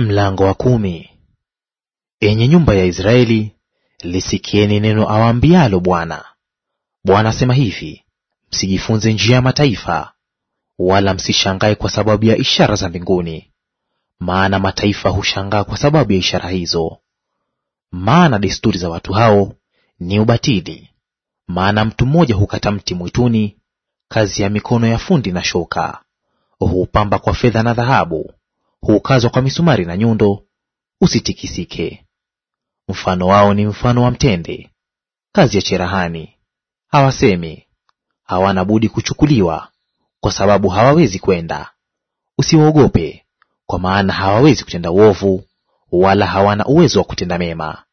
Mlango wa kumi. Enye nyumba ya Israeli, lisikieni neno awaambialo Bwana. Bwana asema hivi: msijifunze njia ya mataifa, wala msishangae kwa sababu ya ishara za mbinguni, maana mataifa hushangaa kwa sababu ya ishara hizo. Maana desturi za watu hao ni ubatili, maana mtu mmoja hukata mti mwituni, kazi ya mikono ya fundi na shoka; huupamba kwa fedha na dhahabu huukazwa kwa misumari na nyundo, usitikisike. Mfano wao ni mfano wa mtende, kazi ya cherahani. Hawasemi, hawana budi kuchukuliwa, kwa sababu hawawezi kwenda. Usiwaogope, kwa maana hawawezi kutenda uovu, wala hawana uwezo wa kutenda mema.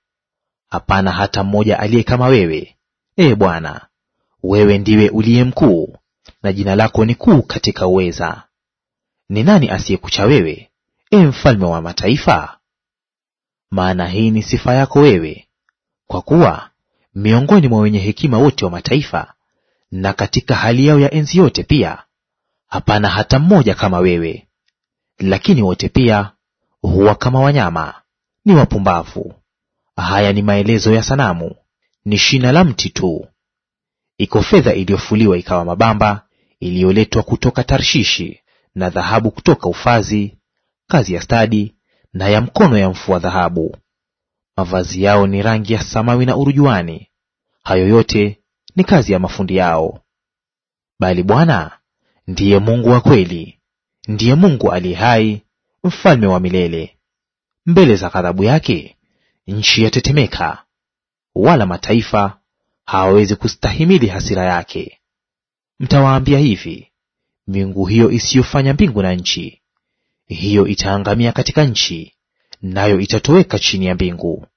Hapana hata mmoja aliye kama wewe, ee Bwana. Wewe ndiwe uliye mkuu, na jina lako ni kuu katika uweza. Ni nani asiyekucha wewe e mfalme wa mataifa? Maana hii ni sifa yako wewe, kwa kuwa miongoni mwa wenye hekima wote wa mataifa na katika hali yao ya enzi yote pia hapana hata mmoja kama wewe. Lakini wote pia huwa kama wanyama, ni wapumbavu. Haya ni maelezo ya sanamu, ni shina la mti tu. Iko fedha iliyofuliwa ikawa mabamba, iliyoletwa kutoka Tarshishi, na dhahabu kutoka Ufazi, kazi ya stadi na ya mkono ya mfua dhahabu. Mavazi yao ni rangi ya samawi na urujuani; hayo yote ni kazi ya mafundi yao. Bali Bwana ndiye Mungu wa kweli, ndiye Mungu aliye hai, mfalme wa milele. Mbele za ghadhabu yake nchi yatetemeka, wala mataifa hawawezi kustahimili hasira yake. Mtawaambia hivi, miungu hiyo isiyofanya mbingu na nchi hiyo itaangamia katika nchi, nayo itatoweka chini ya mbingu.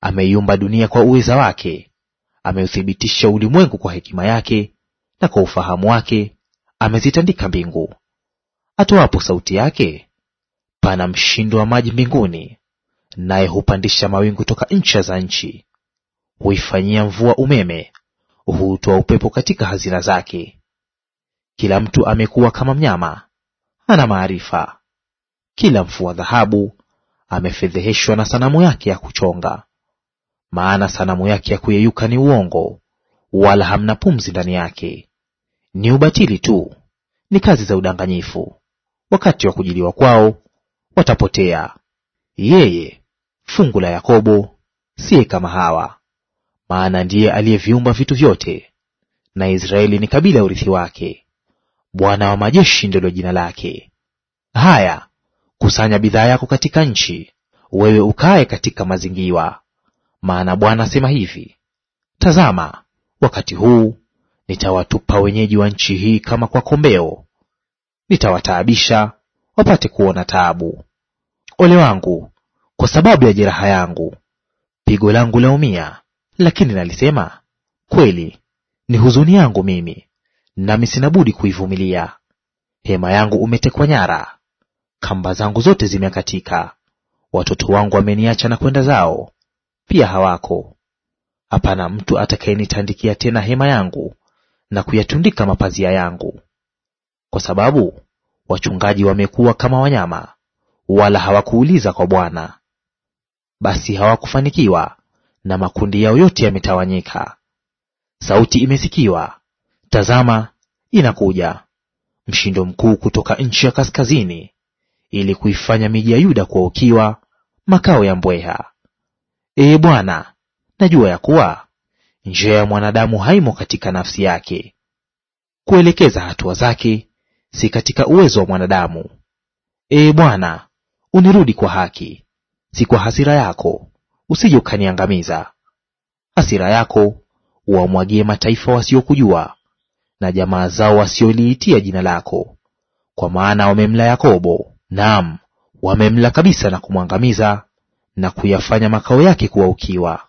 Ameiumba dunia kwa uweza wake, ameuthibitisha ulimwengu kwa hekima yake, na kwa ufahamu wake amezitandika mbingu. Atoapo sauti yake, pana mshindo wa maji mbinguni, naye hupandisha mawingu toka ncha za nchi. Huifanyia mvua umeme, huutoa upepo katika hazina zake. Kila mtu amekuwa kama mnyama, hana maarifa. Kila mfua dhahabu amefedheheshwa na sanamu yake ya kuchonga. Maana sanamu yake ya kuyeyuka ni uongo, wala hamna pumzi ndani yake; ni ubatili tu, ni kazi za udanganyifu. Wakati wa kujiliwa kwao watapotea. Yeye fungu la Yakobo siye kama hawa, maana ndiye aliyeviumba vitu vyote, na Israeli ni kabila ya urithi wake. Bwana wa majeshi ndilo jina lake. Haya, kusanya bidhaa yako katika nchi, wewe ukae katika mazingiwa. Maana Bwana asema hivi, tazama, wakati huu nitawatupa wenyeji wa nchi hii kama kwa kombeo, nitawataabisha wapate kuona taabu. Ole wangu kwa sababu ya jeraha yangu, pigo langu laumia, lakini nalisema kweli, ni huzuni yangu mimi, nami sina budi kuivumilia. Hema yangu umetekwa nyara, Kamba zangu zote zimekatika, watoto wangu wameniacha na kwenda zao, pia hawako. Hapana mtu atakayenitandikia tena hema yangu na kuyatundika mapazia yangu, kwa sababu wachungaji wamekuwa kama wanyama, wala hawakuuliza kwa Bwana. Basi hawakufanikiwa na makundi yao yote yametawanyika. Sauti imesikiwa, tazama, inakuja; mshindo mkuu kutoka nchi ya kaskazini ili kuifanya miji ya Yuda kuwa ukiwa, makao ya mbweha. Ee Bwana, najua ya kuwa njia ya mwanadamu haimo katika nafsi yake, kuelekeza hatua zake si katika uwezo wa mwanadamu. Ee Bwana, unirudi kwa haki, si kwa hasira yako, usije ukaniangamiza. Hasira yako uwamwagie mataifa wasiokujua, na jamaa zao wasioliitia jina lako, kwa maana wamemla Yakobo naam, wamemla kabisa na kumwangamiza na kuyafanya makao yake kuwa ukiwa.